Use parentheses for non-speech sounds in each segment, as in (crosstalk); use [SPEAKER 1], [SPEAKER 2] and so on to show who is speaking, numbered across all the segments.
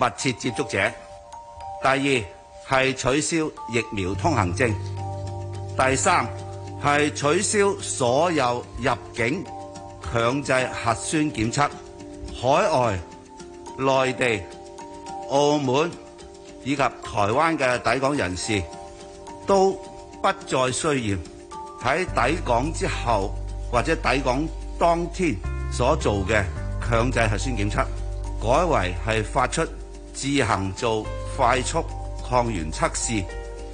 [SPEAKER 1] 密切接觸者。第二係取消疫苗通行證。第三係取消所有入境強制核酸檢測。海外、內地、澳門以及台灣嘅抵港人士都不再需要喺抵港之後或者抵港當天所做嘅強制核酸檢測，改為係發出，自行做快速抗原測試，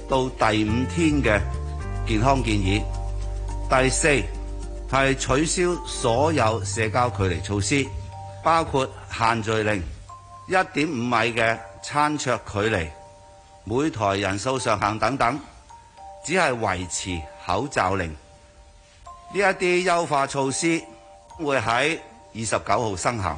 [SPEAKER 1] 到第五天嘅健康建議。第四係取消所有社交距離措施，包括限聚令、一點五米嘅餐桌距離、每台人數上限等等，只係維持口罩令。呢一啲優化措施會喺二十九號生效。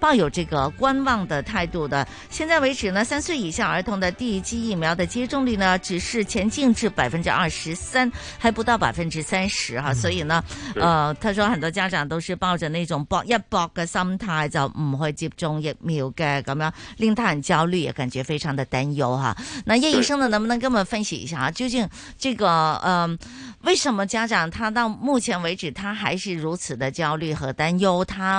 [SPEAKER 2] 抱有這個觀望的態度的，現在為止呢，三歲以下兒童的第一劑疫苗的接種率呢，只是前進至百分之二十三，還不到百分之三十哈，所以呢，呃，他說很多家長都是抱着那種搏一搏嘅心態，就唔會接種疫苗嘅，咁樣令他很焦慮，也感覺非常的擔憂哈、啊。那葉醫生呢，能不能跟我們分析一下啊？究竟這個嗯、呃，為什麼家長他到目前為止他還是如此的焦慮和擔憂？他？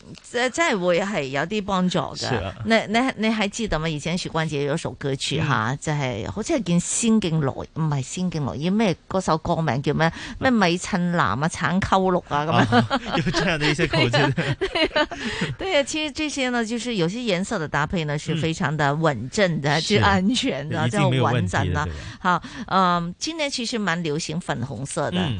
[SPEAKER 2] 即係真係會係有啲幫助嘅、啊。你你你還知道嗎？以前許冠傑有一首歌曲，吓、嗯啊，就係、是、好似係見仙境來，唔係仙境來，叫咩？嗰首歌名叫咩？咩米襯藍啊，橙溝綠啊咁啊。這樣啊 (laughs) 有聽下的一些歌先。對啊，對啊對啊 (laughs) 對啊其實這些呢，就是有些顏色的搭配呢，是非常的穩陣的，最、嗯、安全的，最完整的。好，嗯、呃，今年其實蠻流行粉紅色的。嗯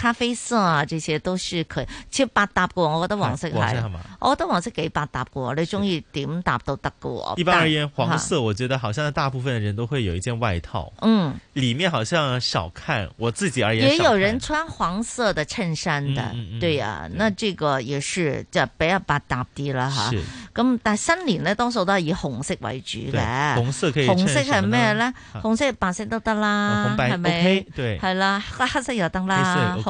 [SPEAKER 2] 咖啡色啊，這些都是可以超百搭噶。我覺得黃色係、啊，我覺得黃色幾百搭噶。你中意點搭都得噶。一般而言、啊，黃色
[SPEAKER 3] 我覺得好像大部分人都會有一件外套。嗯，裏面好像少看。我自己而言，也有人
[SPEAKER 2] 穿黃色的襯衫的。嗯嗯嗯、對呀、啊，那這個也是就比較百搭啲啦。吓，咁、啊、但係新年呢，多數都係以紅色為主嘅。紅色可以，紅色係咩咧？紅色白色都得啦，啊、紅白、係咪？OK, 對，係啦，黑色黑色又得啦。OK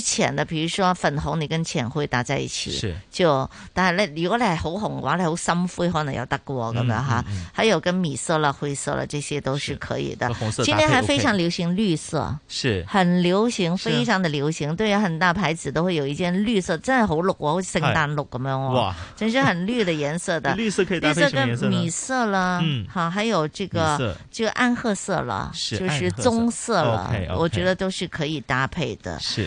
[SPEAKER 2] 是淺的，比如說粉紅你跟淺灰搭在一起，是，就但係咧，如果你係好紅嘅話，你好深灰可能有得過喎，咁樣嚇。還有跟米色啦、灰色啦，這些都是可以的。紅色今年還非常流行，okay，綠色，是很流行，非常的流行啊。對，很大牌子都會有一件綠色，真係好綠喎，啊，好似聖誕綠咁樣哦。哇！真是很綠的顏色的。 (laughs) 綠色可以搭配什麼顏色？綠色跟米色啦，嚇、嗯，還有這個，就暗褐色啦，就是棕色啦、okay, okay，我覺得都是可以搭配的。
[SPEAKER 4] 是。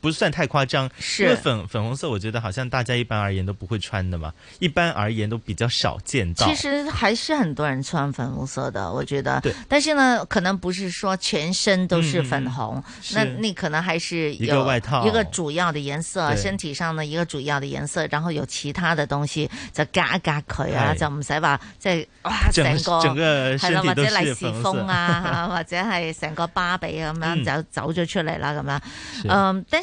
[SPEAKER 3] 不算太誇張，因為粉粉紅色，我覺得好像大家一般而言都不會穿的嘛，一般而言都比較少見到。其實
[SPEAKER 2] 還是很多人穿粉紅色的，我覺得。對。但是呢，可能不是說全身都是粉紅，嗯、那你可能還是，有一，個是一個外套，一個主要的顏色，身體上的一個主要的顏色，然後有其他的東西就嘎嘎可佢啊，欸、就唔使話即係哇整個整，整個身體係咯，或者利是再來風啊， (laughs) 或者係成個芭比咁樣就走咗出嚟啦咁樣。嗯，但。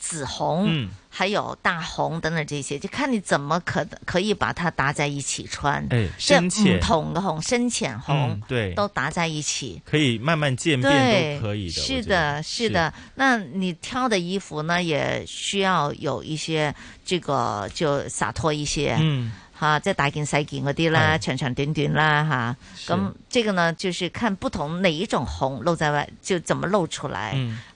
[SPEAKER 2] 紫紅，還有大紅等等這些，嗯、就看你怎麼可可以把它搭在一起穿。哎，深淺不同的紅，深淺紅、嗯，對，都搭在一起，
[SPEAKER 3] 可以慢慢漸變都可以的，的。是的，
[SPEAKER 2] 是的。那你挑的衣服呢，也需要有一些這個就灑脫一些。嗯，哈，即大件、細件嗰啲啦，長長短短啦，哈。咁，這個呢，就是看不同哪一種紅露在外，就怎麼露出來。嗯。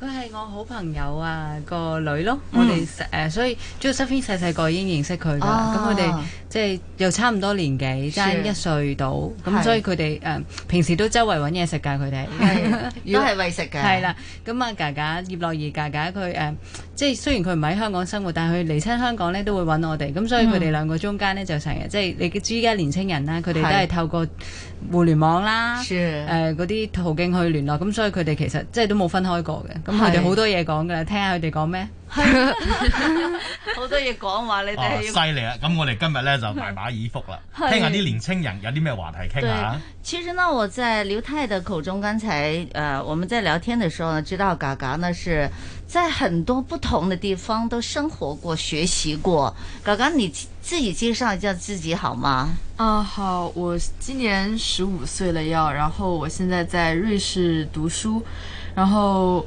[SPEAKER 5] 佢係我好朋
[SPEAKER 2] 友啊，個
[SPEAKER 5] 女咯，mm. 我哋誒、呃，所以 Josephine 細細個已經認識佢噶啦，咁佢哋即係又差唔多年紀，差一歲到，咁、sure. 嗯嗯、所以佢哋誒平時都周圍揾嘢食㗎，佢哋 (laughs) 都係餵食嘅，係啦，咁、嗯、阿格格葉樂儀格格佢誒、呃，即係雖然佢唔喺香港生活，但係佢嚟親香港咧都會揾我哋，咁、嗯、所以佢哋兩個中間咧就成日即係你知而家年青人啦，佢哋都係透過互聯網啦，誒嗰啲途徑去聯絡，咁、嗯、所以佢哋其實即係都冇分開過嘅。咁佢哋好多嘢講噶啦，聽下佢哋講咩？
[SPEAKER 2] 好多嘢講話你哋好犀
[SPEAKER 6] 利啊！咁我哋今日咧就大把耳福啦， (laughs) 聽下啲年輕人有啲咩話題傾下。
[SPEAKER 2] 其實呢，我在劉太的口中，剛才、呃、我們在聊天的時候，知道嘎嘎呢是在很多不同的地方都生活過、學習過。嘎嘎，你自己介紹一下自己好嗎？
[SPEAKER 7] 啊、呃，好！我今年十五歲了，要，然後我現在在瑞士讀書，然後。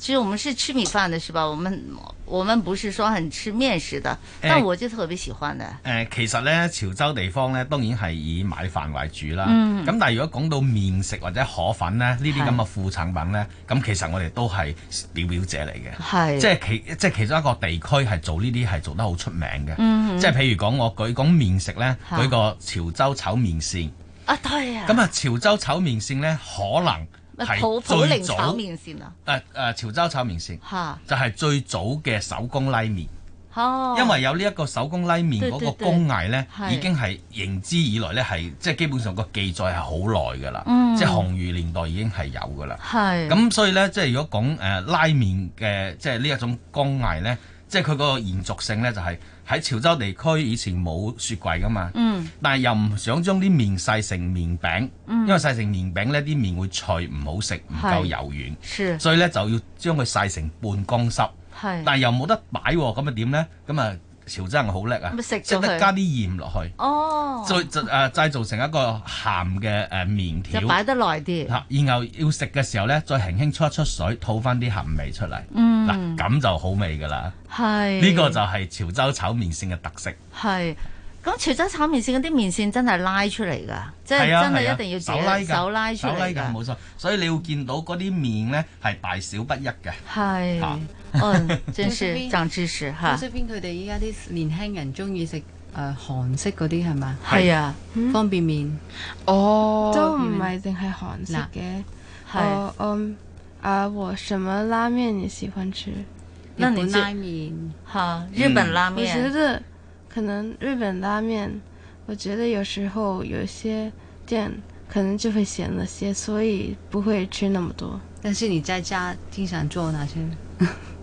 [SPEAKER 2] 其實我們是吃米飯的，是吧？我們我們不是說很吃麵食的，但我就特別喜歡
[SPEAKER 7] 的。
[SPEAKER 6] 誒、呃呃，其實呢潮州地方咧，當然係以米飯為主啦。咁、嗯、但係如果講到麵食或者河粉呢呢啲咁嘅副產品呢咁、嗯、其實我哋都係表表者嚟嘅。即係其，其中一個地區係做呢啲係做得好出名嘅、嗯嗯。即係譬如講我舉講麵食呢、啊、舉個潮州炒麵線。
[SPEAKER 8] 啊，對啊。咁、
[SPEAKER 6] 嗯、啊，潮州炒麵線呢可能。係最早，誒誒潮州炒麵線，嚇就係、是、最早嘅手工拉麵。
[SPEAKER 8] 哦，因為
[SPEAKER 6] 有呢一個手工拉麵嗰個工藝咧，已經係認知以來咧，係即係基本上個記載係好耐㗎啦。即係紅魚年代已經係有㗎啦。係。咁所以咧，即係如果講誒、呃、拉麵嘅即係呢一種工藝咧，即係佢個延續性咧，就係、是。喺潮州地區以前冇雪櫃噶嘛，嗯、但係又唔想將啲麵晒成麵餅，嗯，因為晒成麵餅呢啲麵會脆，唔好食，唔夠柔軟，所以呢就要將佢晒成半乾濕。但係又冇得擺喎，咁啊點呢？咁啊～潮州人好叻啊！
[SPEAKER 7] 即
[SPEAKER 8] 係加啲鹽落去，哦、再
[SPEAKER 6] 製誒製造成一個鹹嘅誒麵條，就擺得耐啲。嗱，然後要食嘅時候咧，再輕輕出一出水，吐翻啲鹹味出嚟。嗱、嗯，咁就好味噶啦。
[SPEAKER 2] 係，呢、這個
[SPEAKER 6] 就係潮州炒麵線嘅特色。
[SPEAKER 2] 係，咁潮州炒麵線嗰啲麵線真係拉出嚟㗎、啊，即係真係一定要自己、啊啊、手拉的手拉出嚟㗎，
[SPEAKER 6] 冇錯。所以你會見到嗰啲麵咧係大小不一嘅。係。
[SPEAKER 5] 啊嗯、 (laughs) oh,，真是，漲知識。 (laughs) 哈，出邊佢哋依家啲年輕人中意食誒韓式嗰啲係咪？係、呃、 (noise) 啊、嗯，方便麵。哦、oh,，都唔係淨
[SPEAKER 9] 係韓式嘅。係。 (noise) 嗯、 (noise) uh, um, 啊，我什麼拉麵你喜歡吃？日本 (noise) 拉
[SPEAKER 5] 麵。哈，日本拉麵。我、嗯、覺
[SPEAKER 9] 得可能日本拉麵，我覺得有時候有些店可能就會鹹了些，所以不會吃那麼多。但是你在家經常做哪些？ (laughs)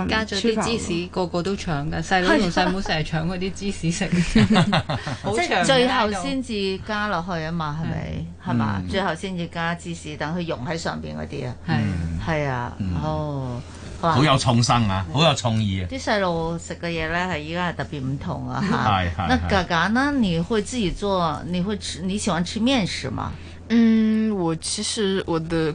[SPEAKER 9] 嗯、加咗啲芝士，
[SPEAKER 5] 個個都搶㗎。細佬同細妹成日搶嗰啲芝士食，
[SPEAKER 2] 即 (laughs) (laughs) (laughs) 最後先至加落去啊嘛，係 (laughs) 咪？係、嗯、嘛？最後先至加芝士，等佢溶喺上邊嗰啲啊。係、嗯、係啊，哦，好有創
[SPEAKER 6] 新啊，好有創意啊。啲
[SPEAKER 2] 細路食嘅嘢咧係依家係特別唔同啊嚇。 (laughs) 那格格呢？ (laughs) 你會自己做？你會你喜歡吃麵食嘛？嗯，
[SPEAKER 7] 我其實我的。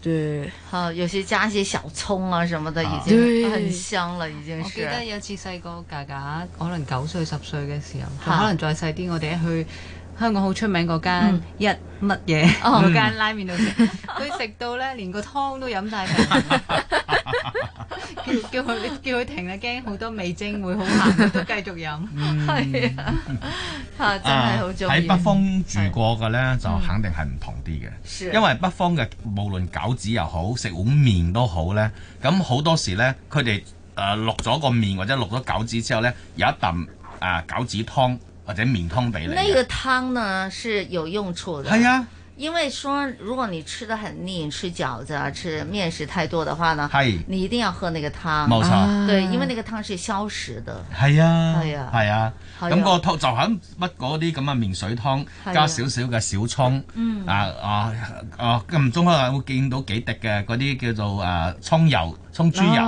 [SPEAKER 7] 對，有些加一些小蔥啊，什麼的已經
[SPEAKER 2] 很香了，已經是。我記得有
[SPEAKER 5] 一次細個嘎嘎，
[SPEAKER 2] 可能九歲十歲嘅時候，可
[SPEAKER 5] 能再細啲，我哋一去。香港好出名嗰間、嗯、一乜嘢嗰間拉麵度食，佢食到咧連個湯都飲晒。平， (laughs) (laughs) 叫叫佢叫佢停啦，驚好多味精會好鹹，都繼續飲。係、嗯、啊、啊，真
[SPEAKER 2] 係好重要。喺北方
[SPEAKER 6] 住過嘅咧，就肯定係唔同啲嘅，因為北方嘅無論餃子又好，食碗麵都好咧，咁好多時咧佢哋誒淥咗個麵或者淥咗餃子之後咧，有一啖啊、呃、餃子湯。
[SPEAKER 2] 或者麵湯俾你。那個湯呢是有用處的。係啊，因為說如果你吃得很膩，吃餃子啊，吃麵食太多的話呢，係，你一定要喝那個湯。冇錯、啊，對，因為那個湯是消食的。係啊，係
[SPEAKER 6] 啊，係啊，咁、那個湯就係乜嗰啲咁嘅麵水湯，加少少嘅小葱，嗯、啊，啊啊啊咁、啊啊、中間會見到幾滴嘅嗰啲叫做誒、啊、葱油。通豬油，咁、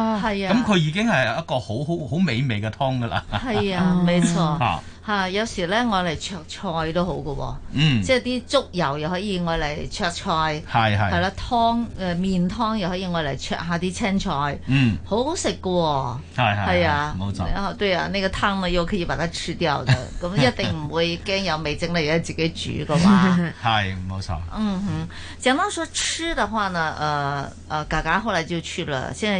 [SPEAKER 6] 哦、佢、啊、已經係一個好好好美味嘅湯㗎啦。係啊，冇 (laughs) 錯。
[SPEAKER 2] 有時咧，我嚟灼菜都好嘅喎。嗯。即係啲粥油又可以我嚟灼菜。係係。啦、啊，湯誒麵、呃、湯又可以我嚟焯下啲青菜。嗯。很好好食嘅喎。係啊，冇錯。啊對啊，呢、那個湯咪又可以把它吃掉嘅，咁 (laughs) 一定唔會驚有味精嚟自己煮嘅
[SPEAKER 6] 話。係冇 (laughs) 錯。嗯
[SPEAKER 2] 哼，講到食嘅話呢，誒、呃、誒，嘎、呃、嘎後來就去了，現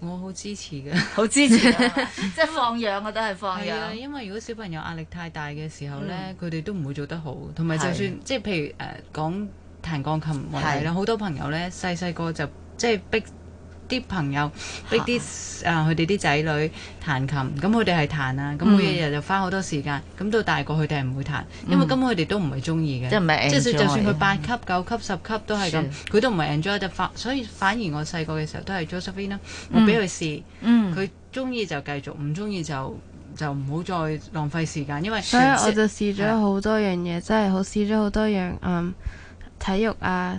[SPEAKER 2] 我好支持嘅，好支持的， (laughs) 即係放養我都係放養啊。因為如果小朋友
[SPEAKER 5] 壓力太大嘅時候呢，佢、嗯、哋都唔會做得好。同埋就算即係譬如誒、呃、講彈鋼琴問題啦，好多朋友呢細細個就即係、就是、逼。.啲朋友逼啲啊，佢哋啲仔女彈琴，咁佢哋係彈啊，咁每日就花好多時間，咁、嗯、到大個佢哋係唔會彈、嗯，因為根本佢哋都唔係中意嘅，即係就算佢八級、九級、十級都係咁，佢都唔係 enjoy 得發，所以反而我細個嘅時候都係 Josephine，我俾佢試，佢中意就繼續，唔中意就就唔好再浪費時間，因為所以我就試咗
[SPEAKER 9] 好多樣嘢，真係好試咗好多樣，嗯，體育啊。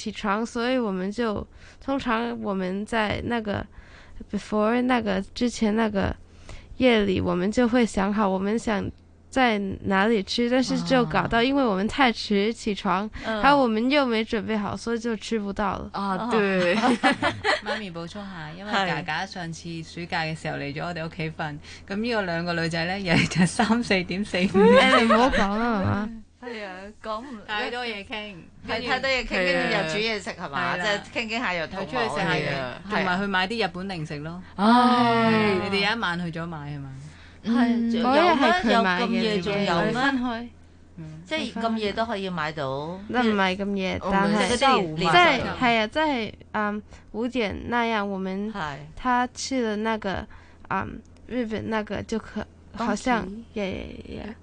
[SPEAKER 9] 起床，所以我們就通常我們在那個 before 那個之前那個夜裏，我們就會想好我們想在哪裏吃，但是就搞到因為我們太遲起床，還、uh-huh. 有我們又沒準備好，所以就吃不到了。啊、uh-huh.，對。 (laughs)
[SPEAKER 5] (laughs) 媽咪補充下，因為格格上次暑假嘅時候嚟咗我哋屋企瞓，咁 (laughs) 呢個兩個女仔咧，又係 (laughs) 就 (laughs) (laughs) 三四點四五、 (laughs) 哎，你唔好講啦。 (laughs) (laughs)
[SPEAKER 2] 係啊，講唔太多嘢傾，太多嘢傾，跟住
[SPEAKER 5] 又煮嘢食係嘛，即係傾傾下又睇出去食下嘢，同埋去買啲日本零食咯。唉、啊，你哋有一晚去咗買係嘛？
[SPEAKER 2] 係、啊嗯嗯，有咩？有、嗯、咁、就是、夜仲有咩？即係咁夜都可以買到？即唔係咁夜？但係即係
[SPEAKER 9] 係啊！即係嗯五點，那樣我們他去了那個啊日本那個就可好像耶。 (laughs)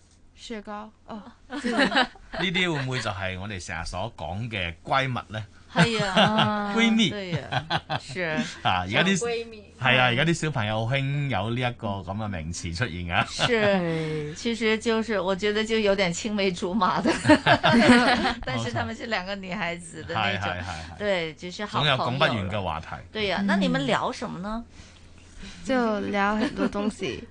[SPEAKER 9] 雪糕
[SPEAKER 6] 哦，呢 (laughs) 啲會唔會就係我哋成日所講嘅閨蜜呢？係 (laughs) 是啊， (laughs)
[SPEAKER 9] 啊 (laughs) 對啊啊閨蜜，
[SPEAKER 2] 係
[SPEAKER 6] 啊，啊而家啲係啊，而家啲小朋友興有呢、這、一個咁嘅、嗯、名詞出現啊！是，
[SPEAKER 7] (laughs)
[SPEAKER 2] 其實就是，我覺得就有點青梅竹馬的， (laughs) 但是他們是兩個女孩子的，係係係，對，就是好朋友，總有講不完嘅話題。對啊、嗯，那你們聊什麼呢？
[SPEAKER 9] 就聊很多東西。 (laughs)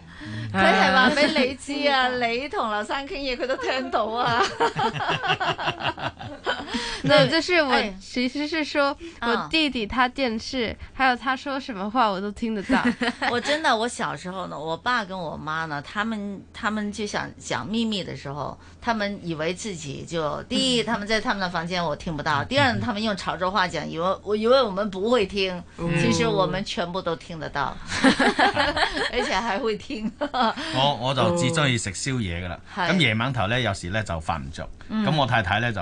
[SPEAKER 2] 佢係話俾你知
[SPEAKER 9] 啊，你同劉生傾嘢佢都聽到啊。那、 (laughs) (laughs) no, 就是我，其實是說、哎、我弟弟，他電視、嗯，還有他說什麼話我都聽得到。
[SPEAKER 2] 我真的我小時候呢，我爸跟我媽呢，他們他們就想講秘密的時候，他們以為自己就第一，他們在他們的房間我聽不到、嗯；第二，他們用潮州話講，以為我以為我們不會聽，其實我們全部都聽得到，嗯、 (laughs) 而且還會聽。 (laughs) 我我就至中意
[SPEAKER 6] 食宵夜噶啦，咁夜晚頭咧有時咧就瞓唔着，咁、嗯、我太太咧就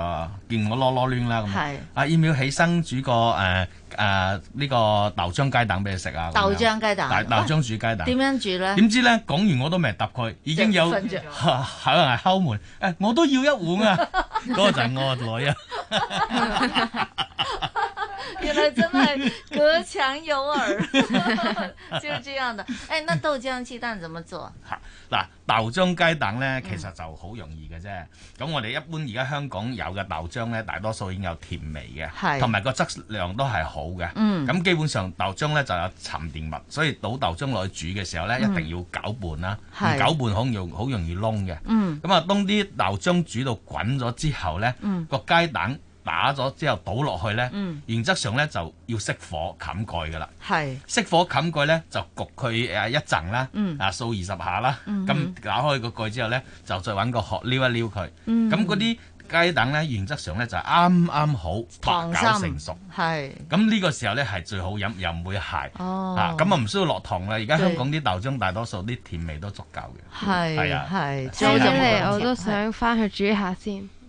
[SPEAKER 6] 見我囉囉攣啦，咁啊，要唔要起身煮個誒誒呢個豆漿雞蛋俾你食啊？豆漿
[SPEAKER 2] 雞蛋，豆
[SPEAKER 6] 漿煮雞蛋，點、啊、樣煮咧？點知咧講完我都未答佢，已經有可能係敲門，誒、哎、我都要一碗啊！嗰 (laughs) 個就係我個女呀。 (laughs) (laughs)
[SPEAKER 2] (laughs) 原來真係隔牆有耳， (laughs) 就是這樣的。哎，那豆漿雞蛋怎麼做？
[SPEAKER 6] 嗱，豆漿雞蛋呢，其實就好容易嘅啫。咁、嗯、我哋一般而家香港有嘅豆漿呢，大多數已經有甜味嘅，同埋個質量都係好嘅。咁、嗯、基本上豆漿呢就有沉澱物，所以倒豆漿落去煮嘅時候呢，嗯、一定要攪拌啦、啊。係、嗯，攪拌好容好容易燶嘅。咁啊，嗯、當啲豆漿煮到滾咗之後呢，嗯那個雞蛋。打咗之後倒落去咧，嗯，原則上咧就要熄火冚蓋噶啦。係熄火冚蓋咧，就焗佢誒一陣啦，啊、嗯、數二十下啦。咁、嗯、打開個蓋之後咧，就再搵個殼撩一撩佢。咁嗰啲雞蛋咧，原則上咧就啱啱好白餡成熟。係咁呢個時候咧，係最好飲又唔會鹹。嚇、哦、咁啊唔需要落糖啦。而家香港啲豆漿大多數啲甜味都足夠嘅。
[SPEAKER 7] 係
[SPEAKER 9] 係，聽嚟、啊、我
[SPEAKER 7] 都
[SPEAKER 2] 想
[SPEAKER 9] 返去煮一下先。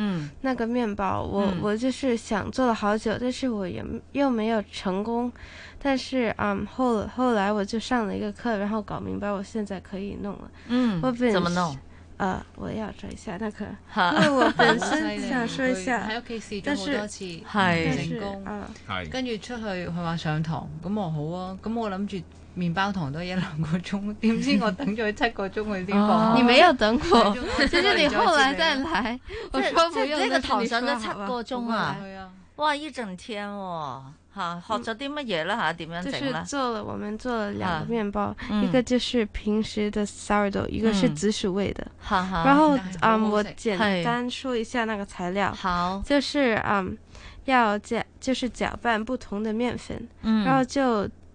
[SPEAKER 9] 嗯，那個麵包，我我就是想做了好久，嗯、但是我也又沒有成功。但是嗯後後來我就上了一個課，然後搞明白，我現在可以弄了。嗯，我本身怎麼弄？呃，我要試一下那個， (laughs) 因為我本身想說一下。在屋企試咗好多次，唔成功。係、啊，
[SPEAKER 5] 跟住出去，佢話上堂，咁我好啊。咁我諗住。麵包糖都一兩個鐘，點知 (noise) 我等咗七個鐘佢先放。哦，你
[SPEAKER 9] 沒有等過， (laughs) 其實你後來再來， (laughs) 我我這個糖神都七個鐘啊！
[SPEAKER 2] 哇，一整天，哦，吓學咗啲乜嘢啦？吓點樣整啦？就是做
[SPEAKER 9] 了，我們做了兩個麵包，嗯，一個就是平時的 sourdough、嗯，一個是紫薯味的。好，嗯，好。然後嗯嗯嗯嗯，嗯，我簡單說一下那個材料。好，就是，嗯，要加，就是攪拌不同的麵粉，嗯，然後就。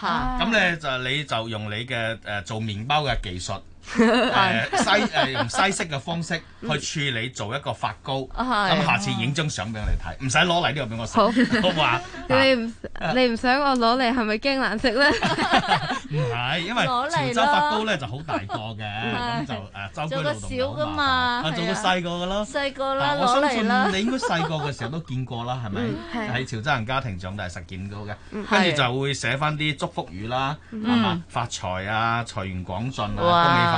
[SPEAKER 6] 咁咧、啊、就你就用你嘅、呃、做麵包嘅技術。誒、 (laughs) 呃、西誒用、呃、西式嘅方式去處理、嗯、做一個發糕，咁、嗯嗯、下次影張相俾我哋睇，唔使攞嚟呢個俾我食，好，好、啊、你唔、啊、
[SPEAKER 9] 你唔想我攞嚟係咪驚難食咧？
[SPEAKER 6] 唔 (laughs) 係，因為潮州發糕咧就好大個嘅，咁 (laughs) 就誒周、啊、居勞
[SPEAKER 2] 嘛、啊啊。做個細個嘅咯，細、啊、個、啊、啦，我相信你應該細
[SPEAKER 6] 個嘅時候都見過啦，係、嗯、咪？喺、啊、潮州人家庭長大實見到嘅，跟住就會寫翻啲祝福語啦，發財啊，財源廣進啊，恭喜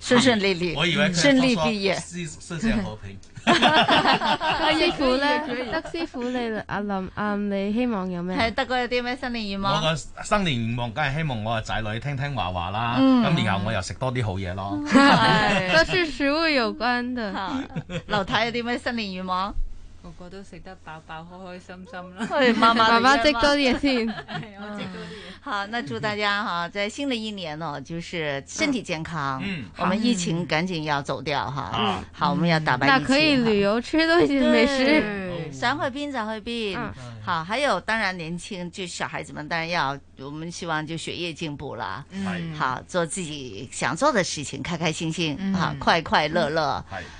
[SPEAKER 7] 順順利利，我以為順利畢業，世
[SPEAKER 9] (laughs) (laughs) 傅界和平。阿，師傅咧，德師傅你阿林阿林，你希望有咩？係德哥有啲咩新年願望？我
[SPEAKER 6] 個新年願望梗係希望我個仔女聽聽話話啦，咁，嗯嗯、然後我又食多啲好嘢咯。
[SPEAKER 2] (laughs) (laughs) 都係食物有關的。劉太有啲咩新年願望？個個都食得飽飽，開開心心啦。慢慢慢慢積多啲嘢先，我積多啲。 (laughs) 好，那祝大家哈， (laughs) 在新的一年哦，就是身體健康。嗯、啊，我們疫情趕緊要走掉哈、啊啊。嗯，好。我們要打
[SPEAKER 9] 敗疫、嗯嗯、那可以旅遊，吃
[SPEAKER 2] 東西美食。對，想去邊就去邊。嗯，好，還有當然年輕就小孩子們，當然要，我們希望就學業進步啦。嗯，好，做自己想做的事情，開開心心，嗯、好、嗯。快快樂樂。嗯